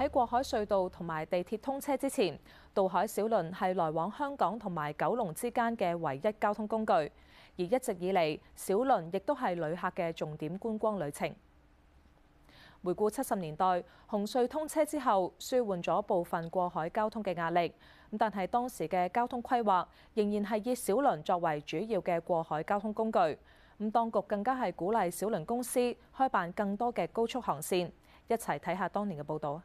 喺過海隧道同埋地鐵通車之前，渡海小輪係來往香港同埋九龍之間嘅唯一交通工具，而一直以嚟，小輪亦都係旅客嘅重點觀光旅程。回顧七十年代，紅隧通車之後，舒緩咗部分過海交通嘅壓力，咁但係當時嘅交通規劃仍然係以小輪作為主要嘅過海交通工具。咁當局更加係鼓勵小輪公司開辦更多嘅高速航線。一齊睇下當年嘅報導啊！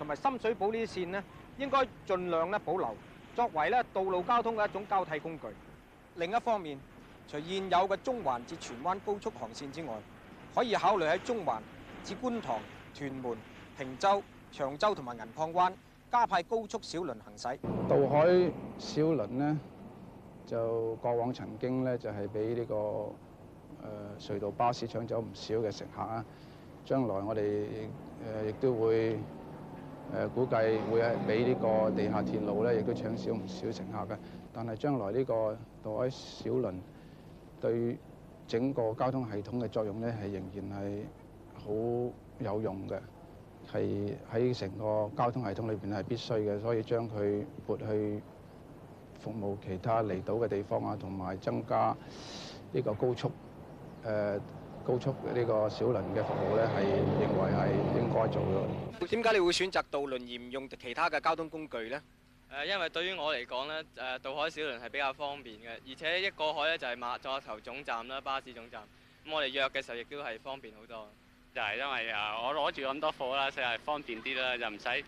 同埋深水埗呢啲線咧，應該盡量咧保留，作為咧道路交通嘅一種交替工具。另一方面，除現有嘅中環至荃灣高速航線之外，可以考慮喺中環至觀塘、屯門、坪洲、長洲同埋銀礦灣加派高速小輪行駛。渡海小輪咧，就過往曾經咧就係俾呢個誒隧道巴士搶走唔少嘅乘客啊！將來我哋誒亦都會。誒估計會係俾呢個地下鐵路咧，亦都搶少唔少乘客嘅。但係將來呢個渡海小輪對整個交通系統嘅作用咧，係仍然係好有用嘅，係喺成個交通系統裏邊係必須嘅。所以將佢撥去服務其他離島嘅地方啊，同埋增加呢個高速誒。高速呢個小輪嘅服務咧，係認為係應該做咯。點解你會選擇渡輪而唔用其他嘅交通工具咧？誒，因為對於我嚟講咧，誒渡海小輪係比較方便嘅，而且一過海咧就係碼碼頭總站啦、巴士總站。咁我哋約嘅時候亦都係方便好多。就係因為啊，我攞住咁多貨啦，就係方便啲啦，就唔使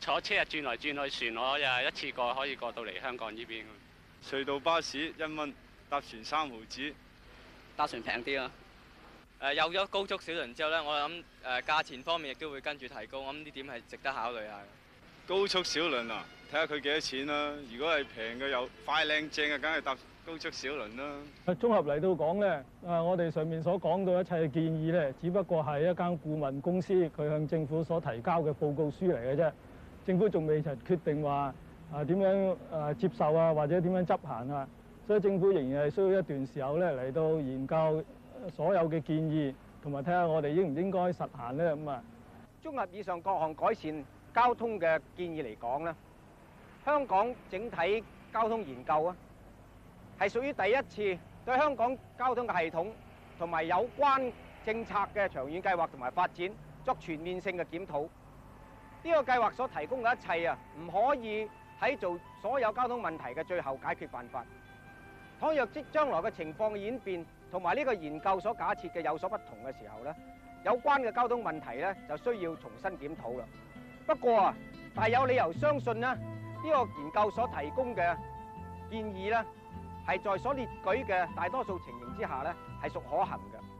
坐車啊轉來轉去船，我又一次過可以過到嚟香港呢邊。隧道巴士一蚊，搭船三毫子，搭船平啲啊！誒、啊、有咗高速小輪之後咧，我諗誒、啊、價錢方面亦都會跟住提高，咁呢點係值得考慮下。高速小輪啊，睇下佢幾多錢啦、啊。如果係平嘅又快、靚、正嘅，梗係搭高速小輪啦、啊啊。綜合嚟到講咧，啊我哋上面所講到一切嘅建議咧，只不過係一間顧問公司佢向政府所提交嘅報告書嚟嘅啫。政府仲未曾決定話啊點樣啊接受啊，或者點樣執行啊，所以政府仍然係需要一段時候咧嚟到研究。所有嘅建議，同埋睇下我哋應唔應該實行呢？咁啊，綜合以上各項改善交通嘅建議嚟講咧，香港整體交通研究啊，係屬於第一次對香港交通嘅系統同埋有關政策嘅長遠計劃同埋發展作全面性嘅檢討。呢個計劃所提供嘅一切啊，唔可以喺做所有交通問題嘅最後解決辦法。倘若即將來嘅情況的演變，同埋呢個研究所假設嘅有所不同嘅時候咧，有關嘅交通問題咧就需要重新檢討啦。不過啊，但係有理由相信呢個研究所提供嘅建議咧，係在所列舉嘅大多數情形之下咧，係屬可行嘅。